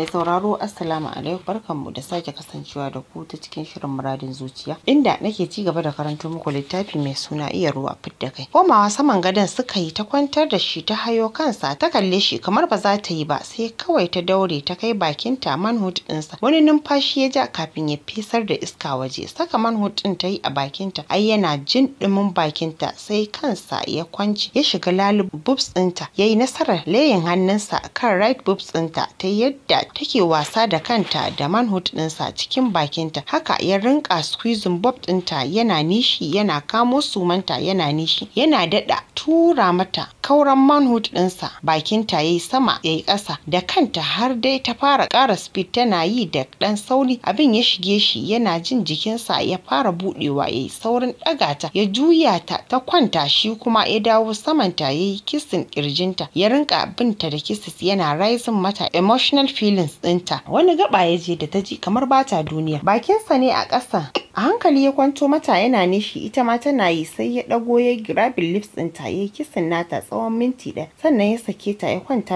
Mai sauraro Assalamu alaikum barkanmu da sake kasancewa da ku ta cikin shirin muradin zuciya inda nake ci gaba da karanto muku littafi mai suna iya ruwa fidda kai. Komawa saman gadon suka yi ta kwantar da shi ta hayo kansa ta kalle shi kamar ba za ta yi ba sai kawai ta daure ta kai bakin ta manhut ɗinsa. Wani numfashi ya ja kafin ya fesar da iska waje saka manhut ɗin ta yi a bakinta ai yana jin ɗumin bakinta sai kansa ya kwanci ya shiga lalububs ɗinta ya yi nasarar layin hannunsa kan right boobs ɗinta ta yadda take wasa da kanta da manhood ɗinsa cikin bakinta haka ya rinka squeezing bob ɗinta yana nishi yana kamo sumanta yana nishi yana daɗa tura mata kauran manhood ɗinsa bakinta ya sama yayi yi ƙasa da kanta har dai ta fara ƙara speed tana yi da ɗan sauri abin ya shige shi yana jin jikinsa ya fara buɗewa yayi saurin ɗaga ta ya juya ta ta kwanta shi kuma ya dawo samanta ya yi kisin ƙirjinta ya rinka binta da kisis yana rising mata emotional feeling filins ɗinta wani gaba ya je da ta ji kamar bata duniya bakinsa ne a ƙasa a hankali ya kwanto mata yana nishi ita ma tana yi sai ya ɗago ya grabin lips ɗinta ya kisin nata tsawon minti ɗaya sannan ya sake ta ya kwanta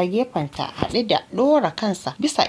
ta haɗe da ɗora kansa bisa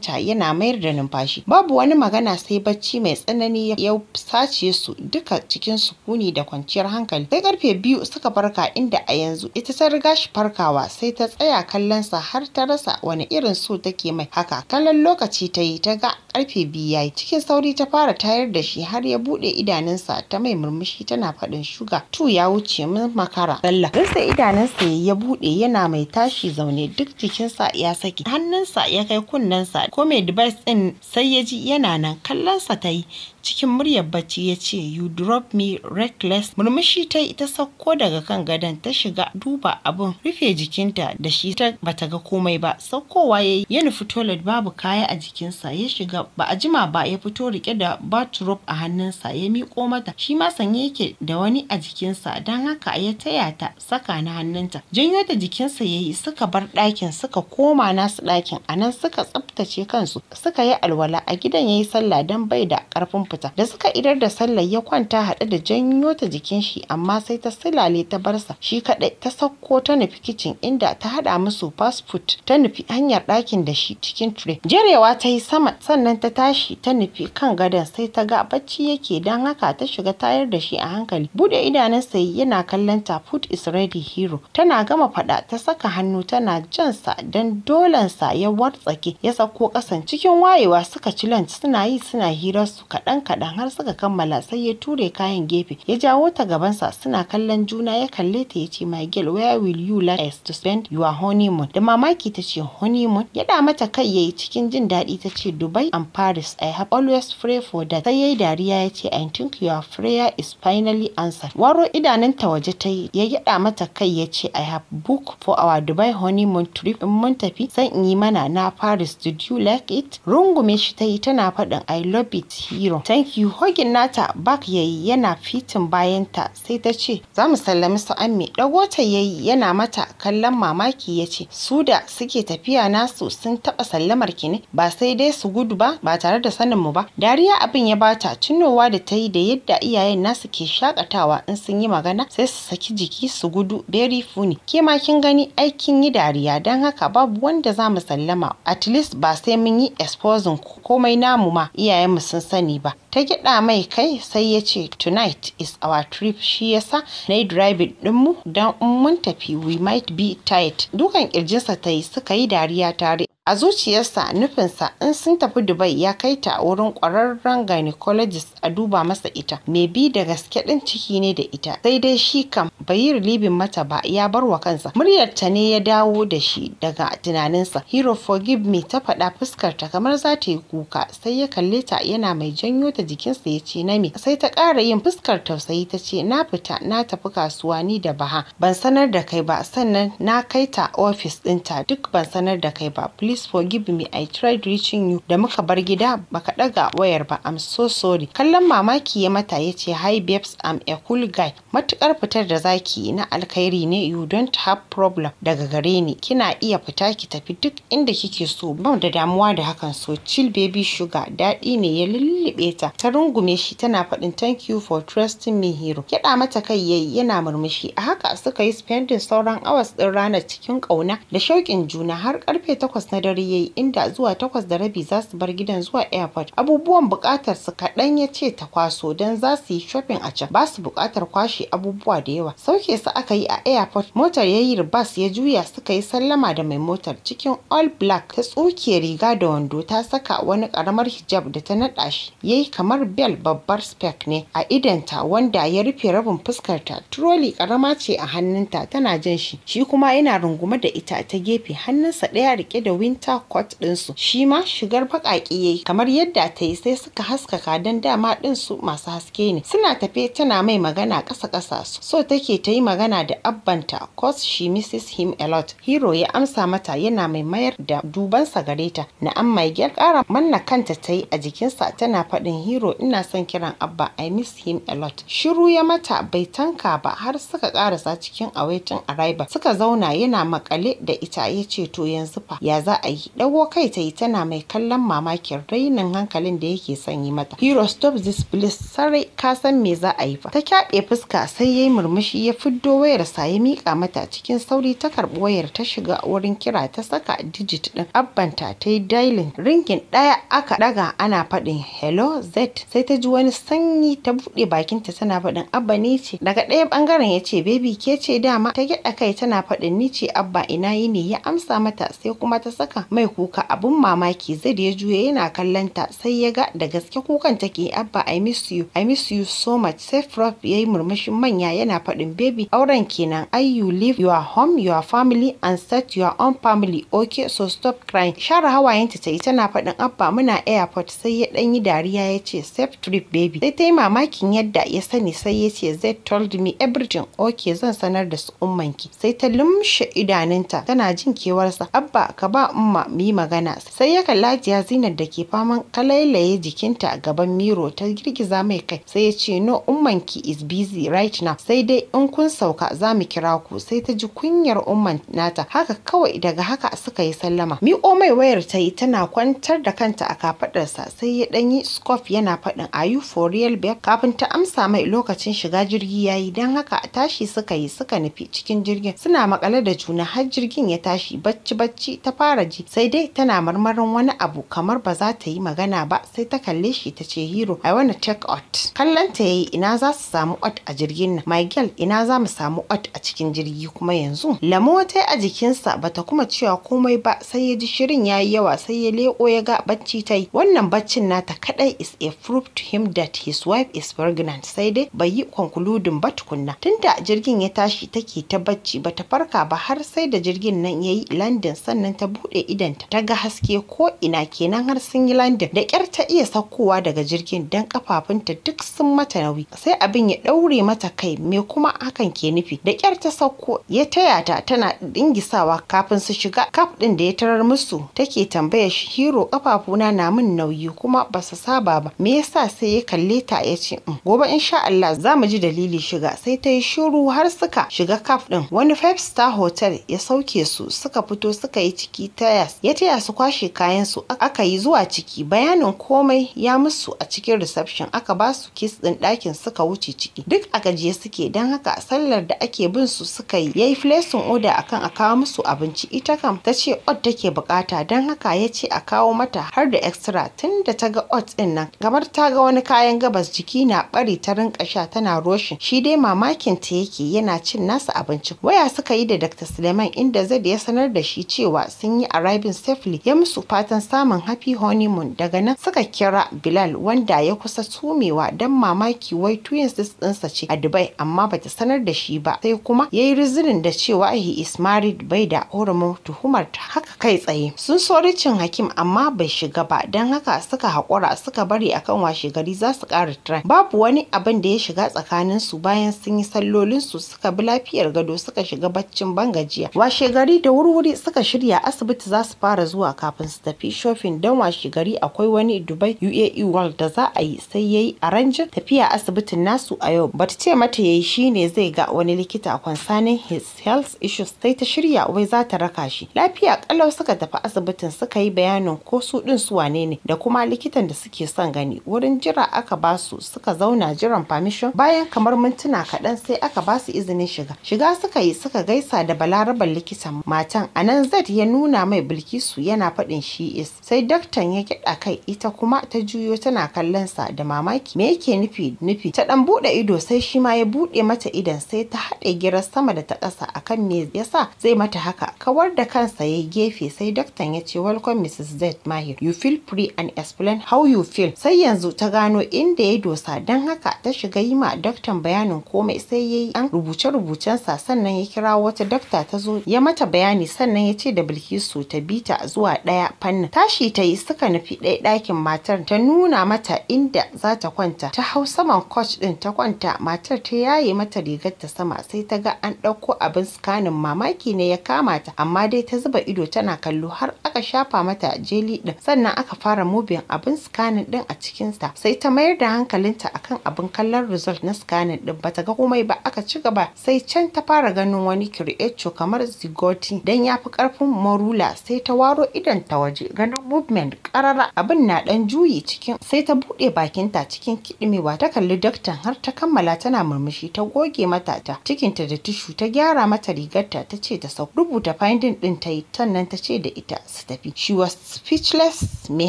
ta, yana mayar da numfashi babu wani magana sai bacci mai tsanani ya sace su duka cikin sukuni da kwanciyar hankali sai karfe biyu suka farka inda a yanzu ita ta riga shi farkawa sai ta tsaya kallon sa har ta rasa wani irin so take mai haka kallon lokaci ta yi ta ga karfe biyu yayi cikin sauri ta fara tayar da shi har ya bude idanunsa ta mai murmushi tana faɗin shuga tu ya wuce min makara sallah rinsa idanunsa ya bude yana mai tashi zaune duk jikinsa ya saki hannunsa ya kai kunnensa ko mai device din sai ya ji yana nan kallonsa ta yi cikin muryar bacci ya ce you drop me reckless murmushi ta yi ta sauko daga kan gadon ta shiga duba abin rufe jikinta da shi ta bata ga komai ba saukowa ya ya nufi fito babu kaya a jikinsa ya shiga ba a jima ba ya fito rike da batrop a hannunsa ya miko mata shi ma sanye yake da wani a jikinsa don haka ya taya ta saka na hannunta janyo da jikinsa ya yi suka bar ɗakin suka koma nasu ɗakin a nan suka tsaftace kansu suka yi alwala a gidan ya yi sallah don bai da ƙarfin fita da suka idar da sallar ya kwanta haɗe da janyo ta jikin shi amma sai ta silale ta barsa shi kaɗai ta sauko ta nufi kicin inda ta haɗa musu fast ta nufi hanyar ɗakin da shi cikin tire jerewa ta yi sama sannan ta tashi ta nufi kan gadon sai ta ga bacci yake dan haka ta shiga tayar da shi a hankali bude idanunsa yana kallon ta food is ready hero tana gama faɗa ta saka hannu tana jan sa dan don sa ya wartsake ya sako ƙasan cikin wayewa suka ci lunch suna yi suna hirar su kaɗan kaɗan har suka kammala sai ya ture kayan gefe ya jawo ta gabansa suna kallon juna ya kalle ta ya ce my girl where will you like us to spend your honeymoon da mamaki ta ce honeymoon ya da mata kai yayi cikin jin daɗi ta ce Dubai and Paris I have always pray for that sai yayi dariya ya ce I think your prayer is finally answered waro idanunta waje ta ya yaɗa mata kai ya ce I have book for our Dubai honeymoon trip in mun tafi san in yi mana na Paris did you like it rungume shi ta yi tana faɗin I love it hero Thank hogin nata bak yayi yana fitin bayanta sai ta ce, za mu sallami su amme ɗago ta yayi yana mata kallon mamaki ya ce, su da suke tafiya nasu sun taɓa sallamar ki ne ba sai dai su gudu ba ba tare da sanin mu ba. Dariya abin ya bata tunowa da ta yi da yadda iyayen nasu ke shakatawa in sun yi magana sai su saki jiki su gudu Beri funi. Ke ma kin gani aikin yi dariya don haka babu wanda za mu sallama at least ba sai mun yi exposing komai namu ma iyayenmu sun sani ba ta gyaɗa mai kai sai ya ce tonight is our trip shi yasa na yi driving ɗinmu don in mun tafi we might be tight dukan kirjinsa ta yi suka yi dariya tare a zuciyarsa nufinsa in sun tafi dubai ya kai ta wurin ƙwararren gynecologist a duba masa ita mai bi da gaske ɗin ciki ne da ita sai dai shi kam bai yi rilibin mata ba ya bar wa kansa Muryarta ne ya dawo da shi daga tunaninsa hero forgive me ta faɗa fuskar ta kamar za ta yi kuka sai ya kalle ta yana mai janyo ta jikinsa ya ce na me sai ta ƙara yin fuskar tausayi ta ce na fita na tafi kasuwa ni da baha ban sanar da kai ba sannan na kai ta ofis ɗinta duk ban sanar da kai ba please please forgive me I tried reaching you da muka bar gida baka daga wayar ba I'm so sorry kallon mamaki ya mata ya ce hi babes I'm a cool guy matukar fitar da zaki na alkhairi ne you don't have problem daga gare ni kina iya fita ki tafi duk inda kike so ba da damuwa da hakan so chill baby sugar daɗi ne ya lullube ta ta rungume shi tana faɗin thank you for trusting me hero kiɗa mata kai yayi yana murmushi a haka suka yi spending sauran hours ɗin ranar cikin ƙauna da shauƙin juna har ƙarfe takwas na dare yayi inda zuwa takwas da rabi za su bar gidan zuwa airport. Abubuwan buƙatar su kaɗan ya ce ta kwaso don za su yi shopping a can. Ba su buƙatar kwashe abubuwa da yawa. Sauke su aka yi a airport motar ya yi ribas ya juya suka yi sallama da mai motar cikin all black ta tsuke riga da wando ta saka wani ƙaramar hijab da ta naɗa shi. Yayi kamar bel babbar spec ne a idanta wanda ya rufe rabin fuskarta. Trolley ƙarama ce a hannunta tana jin shi. Shi kuma yana runguma da ita ta gefe hannunsa ɗaya rike da win winter court ɗinsu shi ma shigar baƙaƙe yayi kamar yadda ta yi sai suka haskaka don dama ɗinsu masu haske ne suna tafe tana mai magana ƙasa ƙasa su so take ta yi magana da abbanta cause she misses him a lot hero ya amsa mata yana mai mayar da dubansa gare ta na'am mai gyar ƙara manna kanta ta yi a jikinsa tana faɗin hero ina son kiran abba i miss him a lot shiru ya mata bai tanka ba har suka ƙarasa cikin awaitin arrival suka zauna yana makale da ita ya ce to yanzu fa ya za ra'ayi ɗago kai ta yi tana mai kallon mamakin rainin hankalin da yake son yi mata hero stop this please sarai ka san me za a yi fa ta kyaɓe fuska sai yayi murmushi ya fiddo wayar sa ya mika mata cikin sauri ta karbi wayar ta shiga wurin kira ta saka digit din abbanta ta yi dailin ringin ɗaya aka ɗaga ana faɗin hello z sai ta ji wani sanyi ta buɗe bakinta tana faɗin abba ne ce daga ɗaya ɓangaren ya ce baby ke ce dama ta gyaɗa kai tana faɗin ni ce abba ina yi ne ya amsa mata sai kuma ta saka haka mai kuka abun mamaki zai da ya juya yana kallon ta sai ya ga da gaske kukan take abba i miss you i miss you so much sai prof yayi murmushin manya yana faɗin baby auren kenan ai you leave your home your family and set your own family okay so stop crying share hawayenta ta yi tana faɗin abba muna airport sai ya ɗan yi dariya ya ce safe trip baby sai ta yi mamakin yadda ya sani sai ya ce zai told me everything okay zan sanar da su ummanki sai ta lumshe idanunta tana jin kewarsa abba ka ba umma mu yi magana sai ya kalla jiya zinar da ke faman kalailaye jikinta a gaban miro ta girgiza mai kai sai ya ce no ki is busy right now sai dai in kun sauka za mu kira ku sai ta ji kunyar umman nata haka kawai daga haka suka yi sallama miƙo mai wayar ta yi tana kwantar da kanta a kafadarsa sai ya ɗanyi scoff yana faɗin are you for real babe kafin ta amsa mai lokacin shiga jirgi ya yi don haka tashi suka yi suka nufi cikin jirgin suna makale da juna har jirgin ya tashi bacci bacci ta fara waje sai dai tana marmarin wani abu kamar ba za ta yi magana ba sai ta kalle shi ta ce hero i wanna check out kallon ta yayi ina za su samu ot a jirgin nan my girl ina za mu samu ot a cikin jirgi kuma yanzu lamo ta a jikinsa bata kuma cewa komai ba sai ya ji shirin yayi yawa sai ya leko ya ga bacci ta yi wannan baccin nata kadai is a proof to him that his wife is pregnant sai dai bai yi concluding ba tukunna tunda jirgin ya tashi take ta bacci bata farka ba har sai da jirgin nan yayi landin sannan ta bude idanta ta ga haske ko ina kenan har sun yi landin da ƙyar ta iya saukowa daga jirgin don kafafunta duk sun mata nauyi sai abin ya ɗaure mata kai me kuma hakan ke nufi da ƙyar ta sauko ya taya ta tana dingisawa kafin su shiga kaf ɗin da ya tarar musu take tambaya shi hero kafafuna na min nauyi kuma ba su saba ba me yasa sai ya kalle ta ya ce mm, gobe insha Allah za mu ji dalili shiga sai ta yi shiru har suka shiga kaf ɗin wani five star hotel ya sauke su suka fito suka yi ciki ta ya taya su kwashe kayansu aka yi zuwa ciki bayanin komai ya musu a cikin reception aka ba su kis ɗin ɗakin suka wuce ciki duk a gajiye suke don haka sallar da ake bin su suka yi ya yi flesin oda akan a kawo musu abinci ita kam ta ce ot take bukata don haka ya ce a kawo mata har da extra tun da ta ga ot ɗin nan gabar ta ga wani kayan gabas jiki na bari ta rinka sha tana roshin shi dai mamakin ta yake yana cin nasa abinci waya suka yi da dr suleiman inda zai ya sanar da shi cewa sun yi arriving safely ya musu fatan samun happy honeymoon daga nan suka kira Bilal wanda ya kusa sumewa don mamaki wai twins ɗinsa ce a Dubai amma bata sanar da shi ba sai kuma ya yi rizinin da cewa he is married bai da hurumin tuhumar ta haka kai tsaye sun so ricin hakim amma bai shiga ba don haka suka haƙura suka bari akan washe gari za su ƙara try babu wani abin da ya shiga tsakanin su bayan sun yi sallolin su suka bi lafiyar gado suka shiga baccin bangajiya washe gari da wurwuri suka shirya asibiti Emirates za su fara zuwa kafin su tafi shopping don washe gari akwai wani Dubai UAE World da za a yi sai yayi a ranjin tafiya asibitin nasu a yau. Bata ce mata yayi shine zai ga wani likita concerning his health issues sai ta shirya wai za ta raka shi. Lafiya kalau suka tafi asibitin suka yi bayanin ko su din su wane ne da kuma likitan da suke son gani. Wurin jira aka ba su suka zauna jiran permission bayan kamar mintuna kaɗan sai aka ba su izinin shiga. Shiga suka yi suka gaisa da balaraban likitan matan anan zai ya nuna mai Bilkisu yana faɗin shi is. Sai daktan ya kiɗa kai ita kuma ta juyo tana kallon sa da mamaki me yake nufi nufi ta ɗan buɗe ido sai shi ma ya buɗe mata idan sai ta haɗe girar sama da ta ƙasa akan me yasa zai mata haka kawar da kansa ya gefe sai daktan ya ce welcome Mrs Z Mahir you feel free and explain how you feel sai yanzu ta gano inda ya dosa dan haka ta shiga yi ma daktan bayanin komai sai yayi an rubuce rubucensa sannan ya kira wata dakta ta zo ya mata bayani sannan ya ce da Bilkisu ta bi ta zuwa ɗaya fannin tashi ta yi suka nufi ɗaya ɗakin matar ta nuna mata inda za ta kwanta ta hau saman coach ɗin ta kwanta matar ta yaye mata rigar ta sama sai ta ga an ɗauko abin sikanin mamaki ne ya kama ta amma dai ta zuba ido tana kallo har aka shafa mata jeli ɗin sannan aka fara mubin abin sikanin ɗin a cikin sa sai ta mayar da hankalinta akan abin kallon result na sikanin ɗin bata ga komai ba aka ci gaba sai can ta fara ganin wani creator kamar zigoti dan ya fi ƙarfin morula sai ta waro idon ta waje ganin movement karara abin na dan juyi cikin sai ta buɗe bakinta cikin kidimewa ta kalli daktan har ta kammala tana murmushi ta goge mata ta cikinta da tishu ta gyara mata rigarta ta ce ta sau rubuta finding din ta yi sannan ta ce da ita su tafi she was speechless me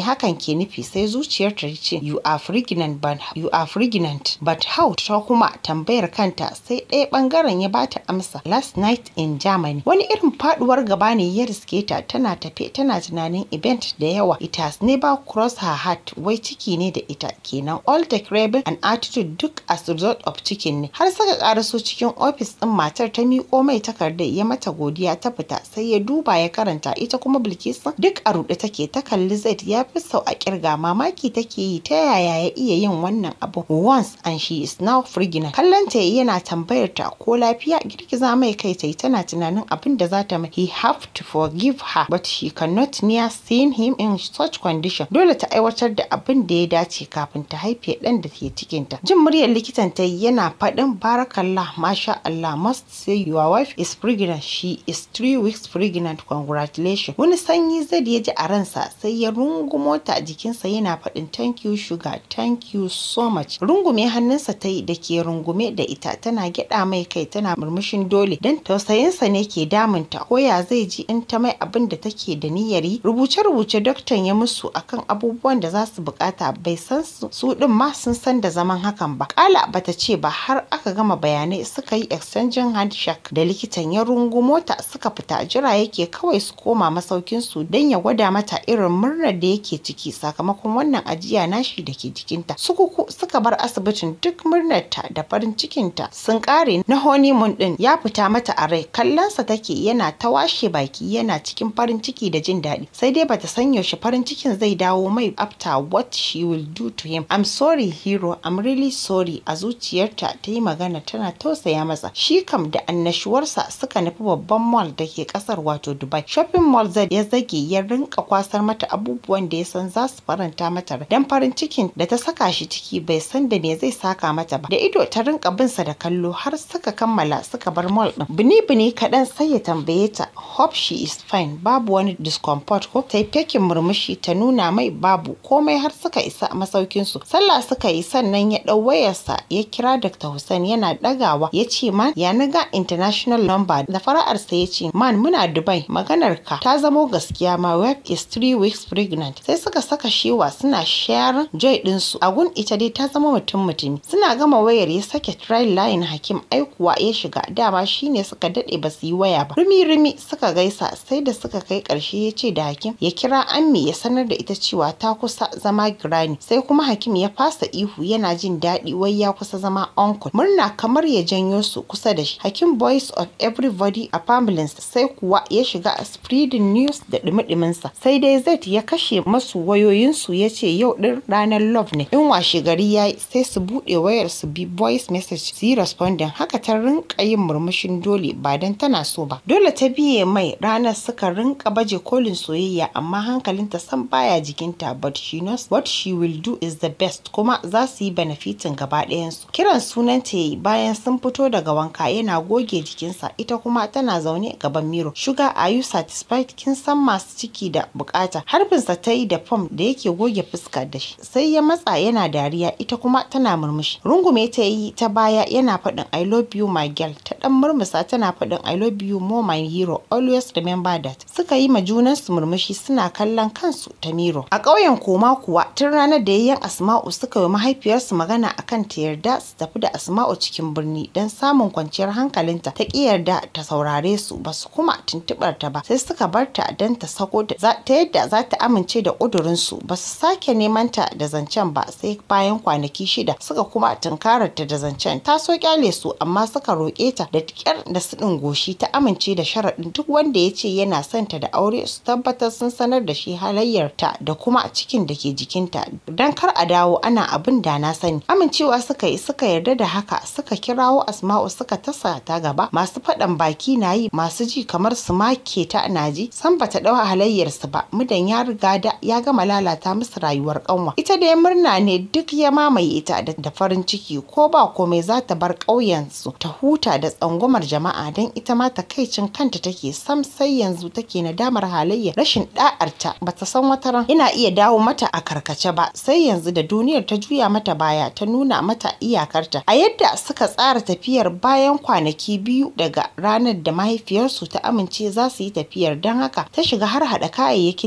hakan ke nufi sai zuciyar ta ce you are pregnant but you are pregnant but how ta kuma tambayar kanta sai ɗaya bangaren ya bata amsa last night in Germany wani irin faduwar gaba ne ya riske ta tana tafe tana tunanin event da yawa it has never crossed her heart wai ciki ne da ita kenan all the craving and attitude duk as result of cikin ne har saka karaso cikin ofis din matar ta miko mai takarda ya mata godiya ta fita sai ya duba ya karanta ita kuma Bilkisu duk a rude take ta kalli Zaid ya fi sau a kirga mamaki take yi ta yaya ya iya yin wannan abu once and she is now pregnant kallon ta yana tambayar ta ko lafiya girgiza mai kai tai tana tunanin abin da za ta he have to forgive her but he cannot near seeing him in such condition dole ta aiwatar da abin da ya dace kafin ta haife ɗan da ke cikinta jin muryar likitan ta yana faɗin barakallah masha Allah must say your wife is pregnant she is three weeks pregnant congratulations wani sanyi zai ya ji a ransa sai ya rungumo ta a jikinsa yana faɗin thank you sugar thank you so much rungume hannunsa ta yi da ke rungume da ita tana gyaɗa mai kai tana murmushin dole don tausayinsa ne ke damunta ko ya zai ji in ta mai abin abin da take da niyyar rubuce-rubuce doktan ya musu akan abubuwan da za su bukata bai san su din ma sun san da zaman hakan ba kala bata ce ba har aka gama bayanai suka yi exchanging handshake da likitan ya rungu mota suka fita jira yake kawai su koma masaukin su dan ya gwada mata irin murnar da yake ciki sakamakon wannan ajiya nashi da ke jikinta sukuku suka bar asibitin duk murnarta da farin cikinta sun kare na honeymoon din ya fita mata a rai kallonsa take yana ta washe baki yana cikin farin ciki da jin daɗi sai dai bata san yaushe farin cikin zai dawo mai after what she will do to him i'm sorry hero i'm really sorry a zuciyarta ta yi magana tana tausaya masa shi kam da annashuwarsa suka nufi babban mall da ke kasar wato dubai shopping mall zai ya zage ya rinka kwasar mata abubuwan da ya san za su faranta mata dan farin cikin da ta saka shi ciki bai san da me zai saka mata ba da ido ta rinka binsa da kallo har suka kammala suka bar mall din bini bini kaɗan sai ya tambaye ta hope she is fine babu wani discomfort ko ta yi murmushi ta nuna mai babu komai har suka isa masaukinsu sallah suka yi sannan ya ɗau wayarsa ya kira dr hussein yana ɗagawa ya ce man ya naga international number da fara'arsa ya ce man muna dubai maganar ka ta zamo gaskiya ma web is three weeks pregnant sai suka saka shewa suna sharing joy ɗinsu a gun ita dai ta zama mutum mutumi suna gama wayar ya sake trial line hakim aikuwa ya shiga dama shine suka daɗe ba su yi waya ba rumi rumi suka gaisa sai da suka suka kai ƙarshe ya ce da hakim ya kira ammi ya sanar da ita cewa ta kusa zama girani sai kuma hakim ya fasa ihu yana jin daɗi wai ya kusa zama uncle murna kamar ya janyo su kusa da shi hakim voice of everybody a familinsa sai kuwa ya shiga spreading news da ɗumi-ɗuminsa sai dai z ya kashe masu wayoyinsu ya ce yau ɗin ranar love ne in washe gari ya sai su buɗe wayar su bi voice message su yi responding haka ta rinka yin murmushin dole ba don tana so ba dole ta biye mai ranar suka rinka rinka baje kolin soyayya amma hankalinta san baya jikinta but she knows what she will do is the best kuma za su yi benefitin gaba ɗayansu. Kiran sunanta yayi bayan sun fito daga wanka yana goge jikinsa ita kuma tana zaune gaban miro. Sugar are you satisfied kin san masu ciki da bukata. Harbinsa ta yi da fom da yake goge fuska da shi. Sai ya matsa yana dariya ita kuma tana murmushi. Rungume ta yi ta baya yana faɗin I love you my girl ta ɗan murmusa tana faɗin I love you more my hero always remember that. suka yi ma junansu murmushi suna kallon kansu ta miro. A ƙauyen koma kuwa tun ranar da yayyan Asma'u suka yi mahaifiyarsu magana akan ta yarda su tafi da Asma'u cikin birni don samun kwanciyar hankalinta ta ƙi yarda ta saurare su ba su kuma tuntuɓar ta ba sai suka bar ta don ta sako ta yadda za ta amince da ƙudurinsu ba su sake neman ta da zancen ba sai bayan kwanaki shida suka kuma tunkarar ta da zancen ta so kyale su amma suka roƙe ta da ƙyar da su goshi ta amince da sharaɗin duk wanda ya ce yana son kanta da aure su tabbatar sun sanar da shi halayyarta da kuma cikin da ke jikinta don kar a dawo ana abin da na sani amincewa suka yi suka yarda da haka suka kirawo asma'u suka tasa ta gaba masu faɗan baki na yi masu ji kamar su make ta ji san bata ɗau halayyarsu ba mudan ya riga da ya gama lalata musu rayuwar kanwa ita dai murna ne duk ya mamaye ta da farin ciki ko ba komai za ta bar ƙauyensu ta huta da tsangwamar jama'a don ita ma takaicin kanta take sam sai yanzu take ke nadamar halayya rashin da'arta ta san wata ran ina iya dawo mata a karkace ba sai yanzu da duniyar ta juya mata baya ta nuna mata iyakarta a yadda suka tsara tafiyar bayan kwanaki biyu daga ranar da mahaifiyarsu ta amince za su yi tafiyar don haka ta shiga har haɗa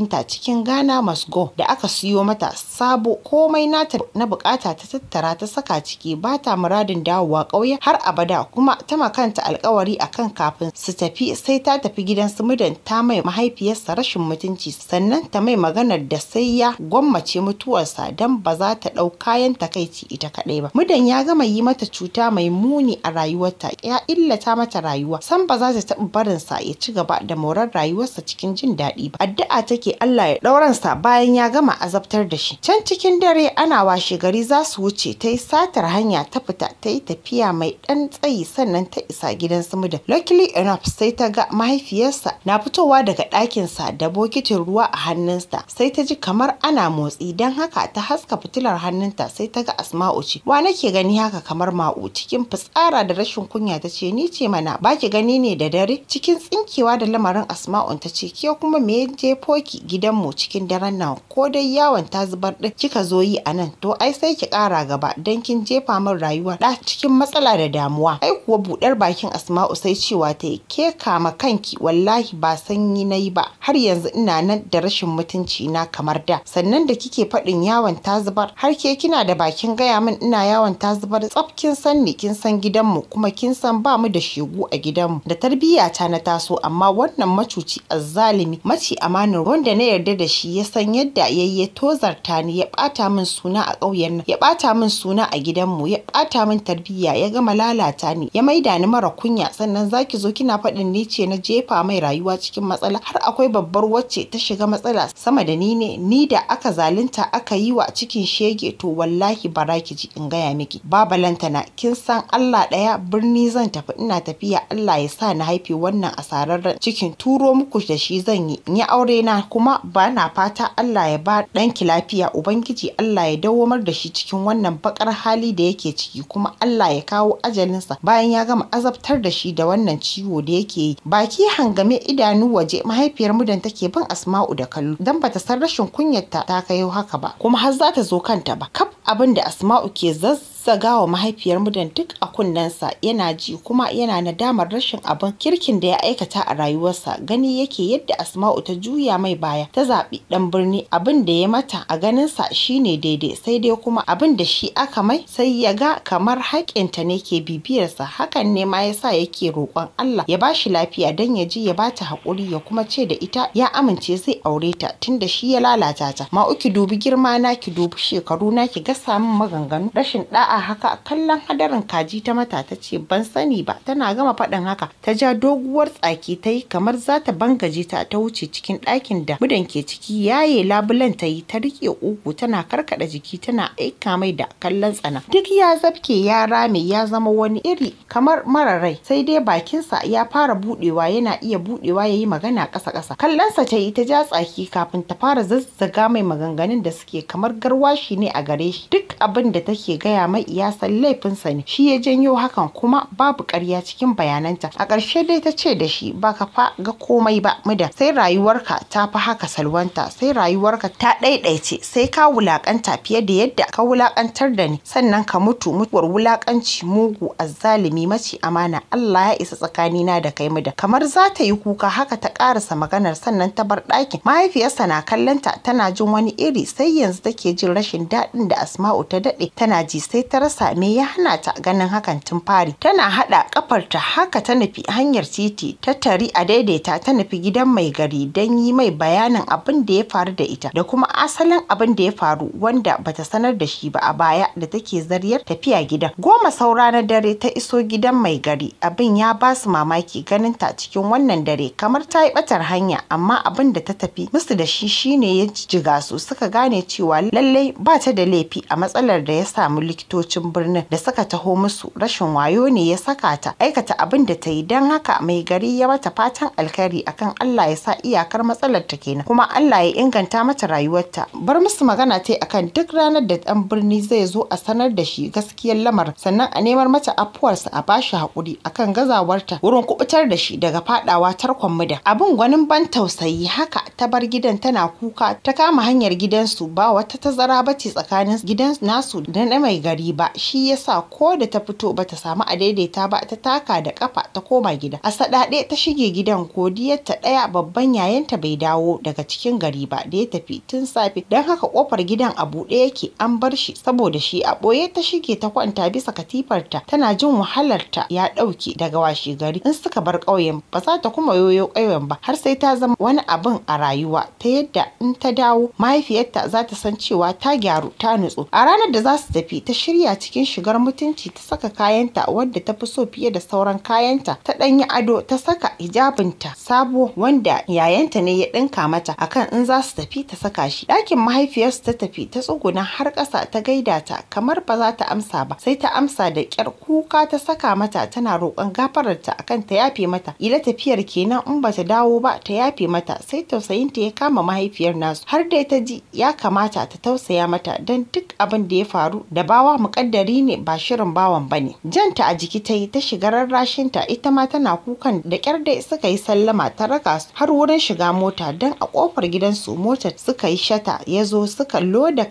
ta cikin Ghana Masgo da aka siyo mata sabo komai nata na bukata ta tattara ta saka ciki ba ta muradin dawowa ƙauye har abada kuma ta makanta alkawari akan kafin su tafi sai ta tafi gidan su mudan ta mai mai mahaifiyarsa rashin mutunci sannan ta mai maganar da sai ya gwammace mutuwarsa don ba za ta ɗau kayan takaici ita kaɗai ba. Mudan ya gama yi mata cuta mai muni a rayuwarta ya illata mata rayuwa san ba za ta taɓa barinsa ya ci gaba da morar rayuwarsa cikin jin daɗi ba. Addu'a take Allah ya ɗauransa bayan ya gama azabtar da shi. Can cikin dare ana washe gari za su wuce ta yi satar hanya ta fita ta yi tafiya mai ɗan tsayi sannan ta isa gidan su mudan. Luckily enough sai ta ga mahaifiyarsa na fitowa fitowa daga ɗakinsa da bokitin ruwa a hannunsa sai ta ji kamar ana motsi don haka ta haska fitilar hannunta sai ta ga asma'u ce wa nake gani haka kamar ma'u cikin fitsara da rashin kunya ta ce ni ce mana ba ki gani ne da dare cikin tsinkewa da lamarin asma'u ta ce ke kuma me je jefo ki gidanmu cikin daren nan ko dai yawon ta zubar din kika zo yi a nan to ai sai ki kara gaba don kin jefa min rayuwa da cikin matsala da damuwa ai kuwa buɗar bakin asma'u sai cewa ta ke kama kanki wallahi ba san yi na yi ba har yanzu ina nan da rashin mutunci na kamar da sannan da kike faɗin yawon ta zubar har ke kina da bakin gaya min ina yawon ta zubar tsaf kin san ni kin san gidanmu kuma kin san ba mu da shegu a gidanmu da tarbiyya ta na taso amma wannan macuci azzalimi maci amanin wanda na yarda da shi ya san yadda yayye tozarta ni ya ɓata min suna a ƙauyen nan ya ɓata min suna a gidanmu ya ɓata min tarbiyya ya gama lalata ni ya maida ni mara kunya sannan zaki zo kina faɗin ni ce na jefa mai rayuwa cikin matsala har akwai babbar wacce ta shiga matsala sama da ni ne ni da aka zalunta aka yi wa cikin shege to wallahi bara ki ji in gaya miki babalanta kin san Allah ɗaya birni zan tafi ina tafiya Allah ya sa na haife wannan asararren cikin turo muku da shi zan yi in yi aure na kuma ba na fata Allah ya ba ɗanki lafiya ubangiji Allah ya dawomar da shi cikin wannan bakar hali da yake ciki kuma Allah ya kawo ajalinsa bayan ya gama azabtar da shi da wannan ciwo da yake yi baki hangame idanu waje waje mahaifiyar mudan take bin asma'u da kallo dan bata san rashin kunyarta ta kai haka ba kuma har za ta zo kanta ba kaf abin da asma'u ke zazz zagawa mahaifiyar mudan duk a kunnensa yana ji kuma yana nadamar rashin abin kirkin da ya aikata a rayuwarsa gani yake yadda asma'u ta juya mai baya ta zaɓi ɗan birni abin da ya mata a ganinsa shine daidai sai dai kuma abin da shi aka mai sai ya ga kamar haƙƙinta ne ke bibiyarsa hakan ne ma yasa yake roƙon Allah ya ba shi lafiya don ya ji ya ba ta haƙuri ya kuma ce da ita ya amince zai aure ta tunda shi ya lalata ta ma uki dubi girma na ki dubi shekaru na ki ga samun maganganu rashin da'a a haka kallon hadarin kaji ta mata ta ce ban sani ba tana gama faɗin haka ta ja doguwar tsaki ta yi kamar za ta bangaje ta ta wuce cikin ɗakin da mudan ke ciki yaye labulen ta yi ta riƙe ugu tana karkaɗa jiki tana aika mai da kallon tsana duk ya zabke ya rame ya zama wani iri kamar mara rai sai dai bakinsa ya fara buɗewa yana iya buɗewa ya yi magana ƙasa-ƙasa sa ta yi ta ja tsaki kafin ta fara zazzaga mai maganganun da suke kamar garwashi ne a gare shi duk abin da take gaya mai ya san laifinsa ne shi ya janyo hakan kuma babu ƙarya cikin bayananta a ƙarshe dai ta ce da shi ba ka fa ga komai ba muda sai rayuwarka ta fi haka salwanta sai rayuwarka ta ɗaiɗaice sai ka wulaƙanta fiye da yadda ka wulaƙantar da ni sannan ka mutu mutuwar wulaƙanci mugu azzalumi mace amana Allah ya isa tsakanina da kai muda kamar za ta yi kuka haka ta ƙarasa maganar sannan ta bar ɗakin mahaifiyarsa na kallonta tana jin wani iri sai yanzu take jin rashin daɗin da Asma'u ta daɗe tana ji sai ta rasa me ya hana ta ganin hakan tun fari tana haɗa ta haka ta nufi hanyar titi ta tari a daidaita ta nufi gidan mai gari don yi mai bayanin abin da ya faru da ita da kuma asalin abin da ya faru wanda bata sanar da shi ba a baya da take zaryar tafiya gidan goma saura na dare ta iso gidan mai gari abin ya ba su mamaki ganin ta cikin wannan dare kamar ta yi batar hanya amma abin da ta tafi musu da shi shine ya jiga su suka gane cewa lallai ba ta da laifi a matsalar da ya samu likito kiristocin birnin da suka taho musu rashin wayo ne ya saka ta aikata abin da ta yi don haka mai gari ya mata fatan alkhairi akan Allah ya sa iyakar matsalar ta kenan kuma Allah ya inganta mata rayuwarta bar musu magana ta akan duk ranar da dan birni zai zo a sanar da shi gaskiyar lamar sannan a nemar mata afuwarsa a bashi hakuri akan gazawarta wurin kubutar da shi daga fadawa tarkon muda abin gwanin ban tausayi haka ta bar gidan tana kuka ta kama hanyar gidansu ba wata tazara bace tsakanin gidan nasu da na mai gari yi ba shi yasa ko da ta fito bata samu a daidaita ba ta taka da kafa ta koma gida a saɗaɗe ta shige gidan godiyar ta ɗaya babban yayanta bai dawo daga cikin gari ba da ya tafi tun safe dan haka kofar gidan a buɗe yake an bar shi saboda shi a ɓoye ta shige ta kwanta bisa katifarta tana jin wahalarta ya ɗauke daga washe gari in suka bar ƙauyen ba za ta kuma yoyo ƙauyen ba har sai ta zama wani abin a rayuwa ta yadda in ta dawo mahaifiyarta za ta san cewa ta gyaru ta nutsu a ranar da za su tafi ta shirya shirya cikin shigar mutunci ta saka kayanta wadda ta fi so fiye da sauran kayanta ta yi ado ta saka hijabinta sabo wanda yayanta ne ya ɗinka mata akan in za su tafi ta saka shi ɗakin mahaifiyarsu ta tafi ta tsuguna har ƙasa ta gaida ta kamar ba za ta amsa ba sai ta amsa da ƙyar kuka ta saka mata tana roƙon gafararta akan ta yafe mata ila tafiyar kenan in ba ta dawo ba ta yafe mata sai tausayinta ya kama mahaifiyar nasu har dai ta ji ya kamata ta tausaya mata don duk abin da ya faru da bawa muƙaddari ne ba shirin bawan ba ne. Janta a jiki ta yi ta shiga rarrashinta ita ma tana kukan da kyar dai suka yi sallama ta raka su har wurin shiga mota don a ƙofar gidansu motar suka yi shata ya zo suka loda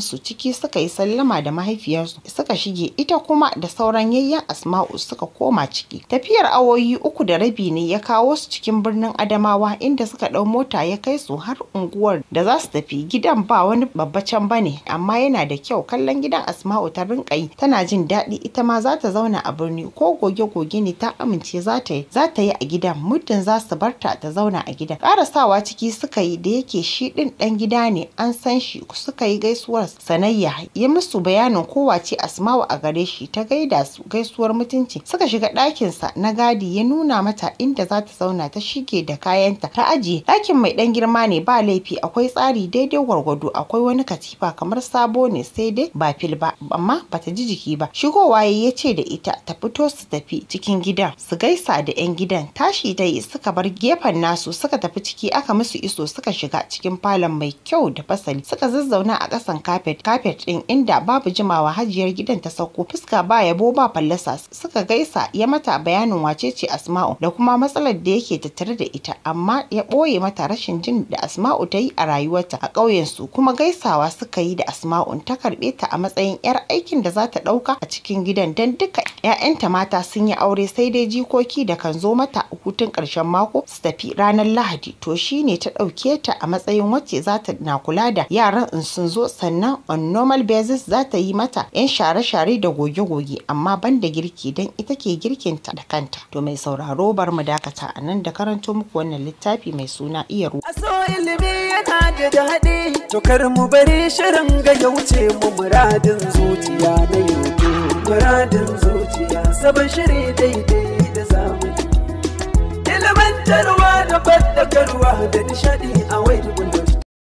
su ciki suka yi sallama da mahaifiyarsu suka shige ita kuma da sauran yayyan asma'u suka koma ciki. Tafiyar awoyi uku da rabi ne ya kawo su cikin birnin Adamawa inda suka ɗau mota ya kai su har unguwar da za su tafi gidan ba wani babbacen ne amma yana da kyau kallon gidan asma'u Asma'u ta rinka tana jin daɗi ita ma za ta zauna a birni ko goge-goge ne ta amince za ta yi za ta yi a gidan muddin za su barta ta zauna a gidan ƙarasawa ciki suka yi da yake shi ɗin ɗan gida ne an san shi suka yi gaisuwar sanayya ya musu bayanin kowace asmawa a gare shi ta gaida su gaisuwar mutunci suka shiga ɗakinsa na gadi ya nuna mata inda za ta zauna ta shige da kayanta ta ajiye ɗakin mai ɗan girma ne ba laifi akwai tsari daidai gwargwado akwai wani katifa kamar sabo ne sai dai ba fil ba amma ba ta ji jiki ba shigowa ya ce da ita ta fito su tafi cikin gidan su gaisa da 'yan gidan tashi ta yi suka bar gefen nasu suka tafi ciki aka musu iso suka shiga cikin falon mai kyau da fasali suka zazzauna a ƙasan kafet kafet ɗin inda babu jimawa hajiyar gidan ta sauko fuska ba yabo ba fallasa suka gaisa ya mata bayanin wace ce asma'u da kuma matsalar da yake tattare da ita amma ya ɓoye mata rashin jin da asma'u ta yi a rayuwarta a ƙauyen su kuma gaisawa suka yi da asma'un ta karɓe ta a matsayin 'yar aikin da za ta ɗauka a cikin gidan don duka 'ya'yanta mata sun yi aure sai dai jikoki da kan zo mata hutun ƙarshen mako su tafi ranar lahadi to shi ne ta ɗauke ta a matsayin wacce za ta na kula da yaran in sun zo sannan on normal basis za ta yi mata 'yan share-share da goge-goge amma ban da girki don ita ke girkin ta da kanta to mai sauraro bar mu dakata a nan da karanto muku wannan littafi mai suna iya ruwa. Aso ilimi yana da daɗi, to mu bari shirin ga ya wuce mu muradin zuwa. zuciya na yanzu muradin zuciya sabon shiri daidai da zamani ilimantarwa da fadakarwa da nishadi a wai